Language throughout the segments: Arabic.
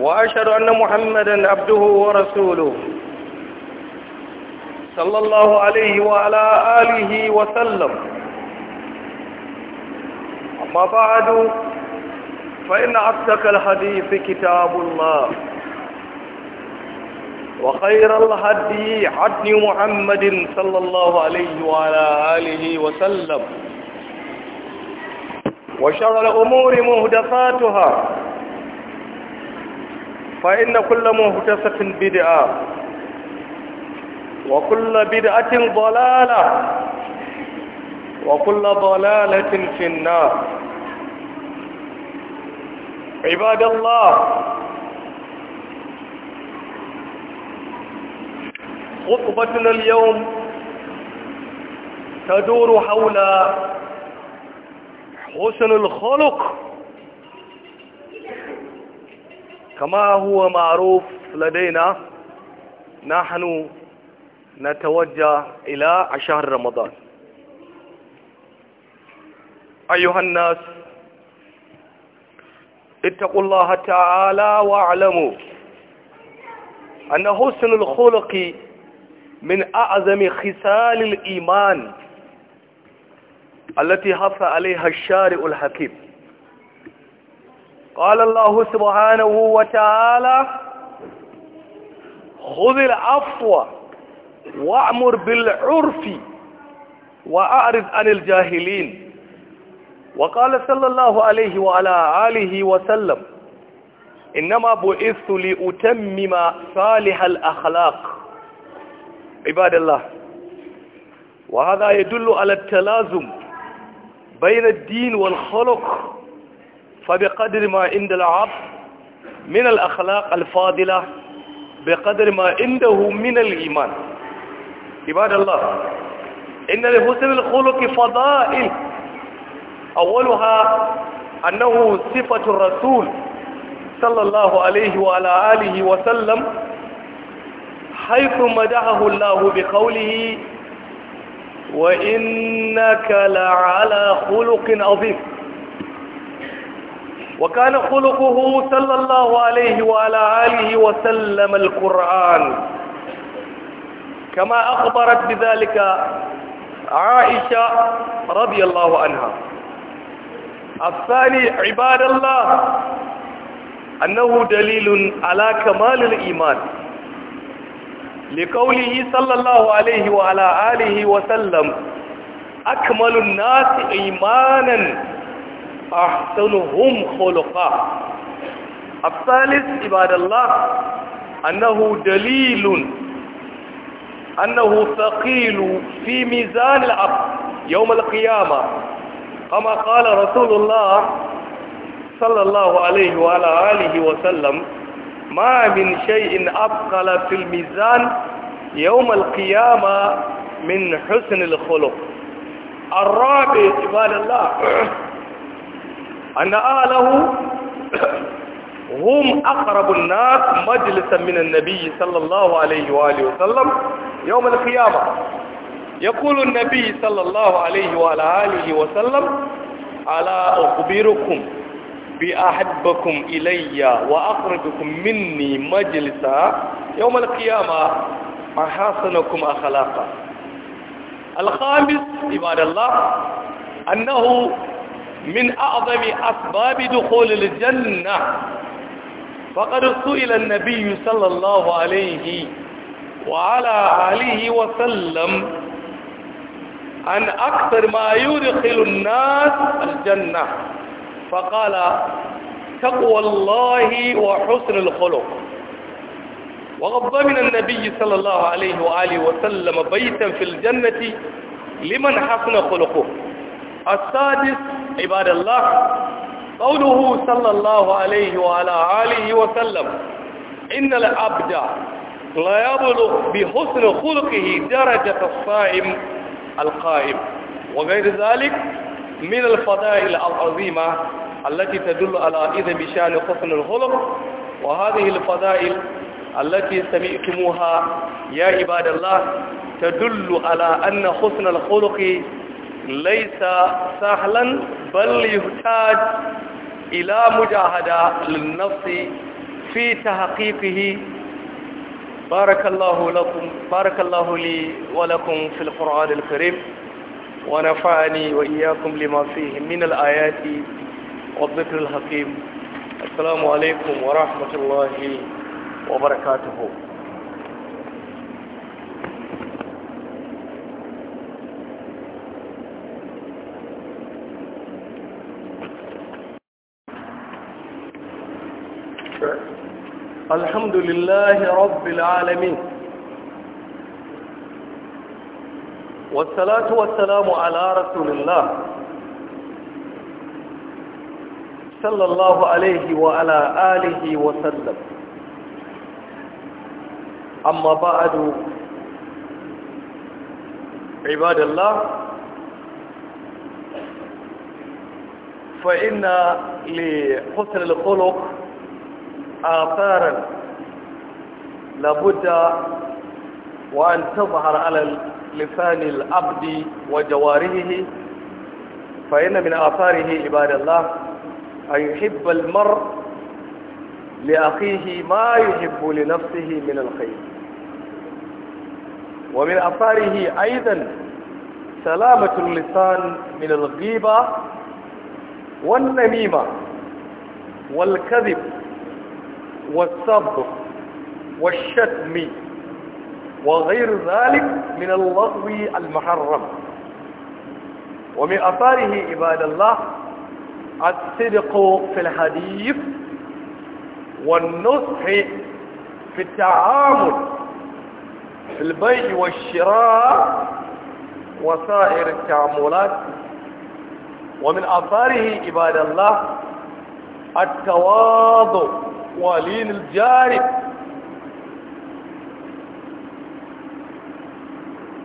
وأشهد أن محمدا عبده ورسوله صلى الله عليه وعلى آله وسلم أما بعد فإن أصدق الحديث كتاب الله وخير الهدي هدي محمد صلى الله عليه وعلى آله وسلم وشر الأمور مهدفاتها فإن كل مهتسة بدعة وكل بدعة ضلالة وكل ضلالة في النار عباد الله خطبتنا اليوم تدور حول حسن الخلق كما هو معروف لدينا نحن نتوجه إلى شهر رمضان أيها الناس اتقوا الله تعالى واعلموا أن حسن الخلق من أعظم خصال الإيمان التي حث عليها الشارع الحكيم قال الله سبحانه وتعالى خذ العفو وأمر بالعرف وأعرض عن الجاهلين وقال صلى الله عليه وعلى آله وسلم إنما بعثت لأتمم صالح الأخلاق عباد الله وهذا يدل على التلازم بين الدين والخلق فبقدر ما عند العبد من الأخلاق الفاضلة بقدر ما عنده من الإيمان عباد الله إن لحسن الخلق فضائل أولها أنه صفة الرسول صلى الله عليه وعلى آله وسلم حيث مدحه الله بقوله وإنك لعلى خلق عظيم وكان خلقه صلى الله عليه وعلى آله وسلم القرآن كما أخبرت بذلك عائشة رضي الله عنها الثاني عباد الله أنه دليل على كمال الإيمان لقوله صلى الله عليه وعلى آله وسلم أكمل الناس إيماناً أحسنهم خلقا الثالث عباد الله أنه دليل أنه ثقيل في ميزان العبد يوم القيامة كما قال رسول الله صلى الله عليه وعلى آله وسلم ما من شيء أبقل في الميزان يوم القيامة من حسن الخلق الرابع عباد الله أن أهله هم أقرب الناس مجلسا من النبي صلى الله عليه وآله وسلم يوم القيامة يقول النبي صلى الله عليه وآله وسلم ألا أخبركم بأحبكم إلي وأخرجكم مني مجلسا يوم القيامة أحسنكم أخلاقا الخامس عباد الله أنه من أعظم أسباب دخول الجنة فقد سئل النبي صلى الله عليه وعلى آله وسلم عن أكثر ما يدخل الناس الجنة فقال تقوى الله وحسن الخلق وقد من النبي صلى الله عليه وآله وسلم بيتا في الجنة لمن حسن خلقه السادس عباد الله قوله صلى الله عليه وعلى آله وسلم إن العبد لا يبلغ بحسن خلقه درجة الصائم القائم وغير ذلك من الفضائل العظيمة التي تدل على إذن بشان حسن الخلق وهذه الفضائل التي سمعتموها يا عباد الله تدل على أن حسن الخلق laisa sahlan bal yuhtaj ila mujahada lin-nafs fi tahqiqihi barakallahu lakum barakallahu li wa lakum fil qur'an al-karim wa nafa'ani wa iyyakum lima fihi min al-ayati wa dhikr al-hakim assalamu alaikum wa rahmatullahi wa barakatuhu الحمد لله رب العالمين والصلاة والسلام على رسول الله صلى الله عليه وعلى آله وسلم أما بعد عباد الله فإن لحسن الخلق آثارا لابد وأن تظهر على لسان العبد وجوارحه فإن من آثاره عباد الله أن يحب المرء لأخيه ما يحب لنفسه من الخير ومن أثاره أيضا سلامة اللسان من الغيبة والنميمة والكذب والسب والشتم وغير ذلك من اللغو المحرم ومن أثاره عباد الله الصدق في الحديث والنصح في التعامل في البيع والشراء وسائر التعاملات ومن أثاره عباد الله التواضع والين الجارب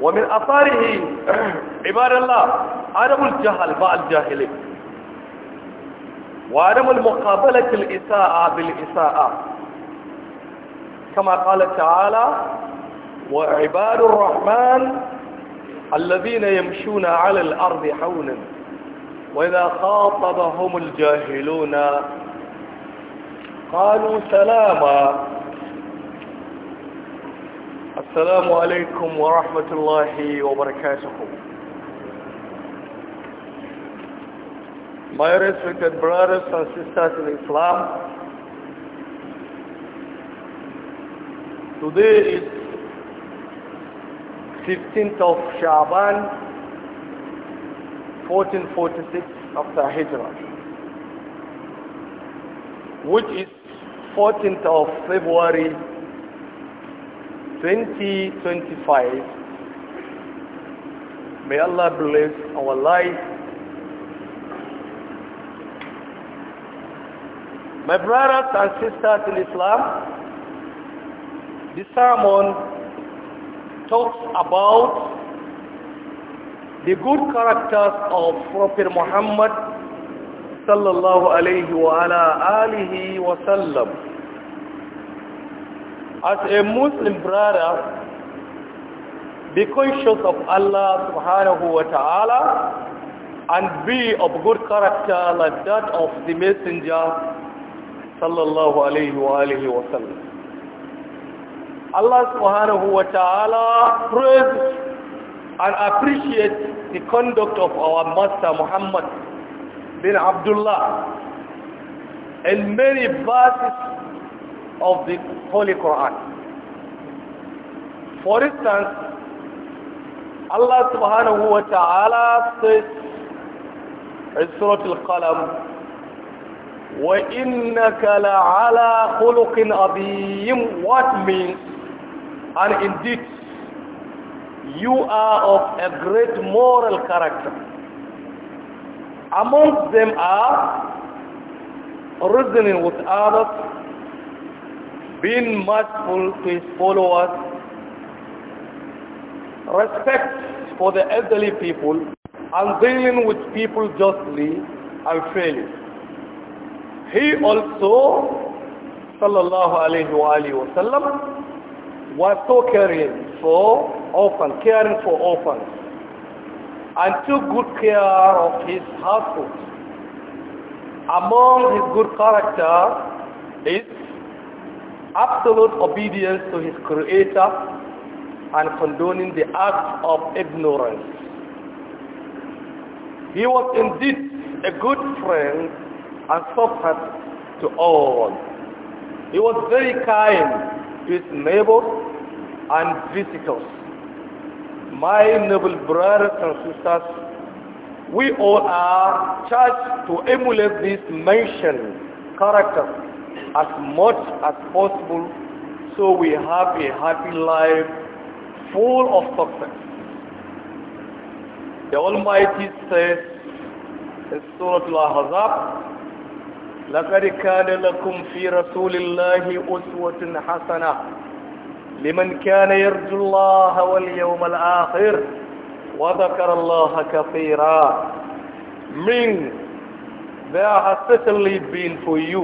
ومن أثاره عباد الله عدم الجهل مع الجاهلين وعدم المقابلة الإساءة بالإساءة كما قال تعالى وعباد الرحمن الذين يمشون على الأرض حونا وإذا خاطبهم الجاهلون قالوا سلاما السلام عليكم ورحمة الله وبركاته My respected brothers and sisters in Islam Today is 15th of Shaban 1446 after Hijrah which is 14th of February 2025. May Allah bless our life. My brothers and sisters in Islam, this sermon talks about the good characters of Prophet Muhammad صلى الله عليه وعلى آله وسلم As a Muslim brother, be conscious of Allah subhanahu wa ta'ala and be of good character like that of the messenger sallallahu alayhi wa alihi wa Allah subhanahu wa ta'ala praise and appreciate the conduct of our master Muhammad bin Abdullah and many verses of the Holy Quran. For instance, Allah subhanahu wa ta'ala says in Surah Al-Qalam, وَإِنَّكَ لَعَلَى خُلُقٍ عَظِيمٍ What means, and indeed, you are of a great moral character. Amongst them are reasoning with others, being merciful to his followers, respect for the elderly people, and dealing with people justly and fairly. He also, sallallahu alayhi wa wa sallam, was so caring for orphans, caring for orphans and took good care of his household. Among his good character is absolute obedience to his creator and condoning the act of ignorance. He was indeed a good friend and suffered to all. He was very kind to his neighbors and visitors my noble brothers and sisters, we all are charged to emulate this mentioned character as much as possible so we have a happy life full of success. The Almighty says in Surah Al-Ahzab, لقد كان لكم في رسول الله أسوة حسنة لمن كان يرجو الله واليوم الآخر وذكر الله كثيرا there has certainly been for you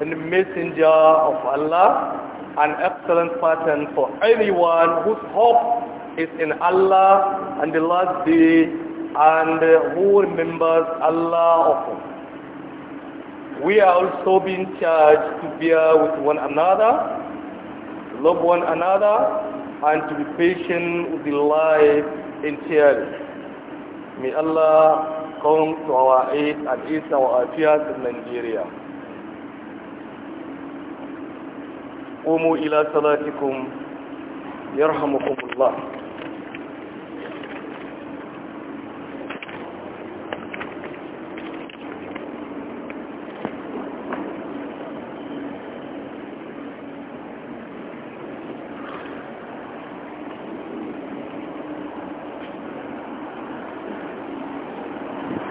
a messenger of Allah an excellent pattern for anyone whose hope is in Allah and the last day and who remembers Allah often. We are also being charged to bear with one another love one another, and to be patient with the life entirely. May Allah come to our aid and ease our affairs in Nigeria. قوموا إلى صلاتكم يرحمكم الله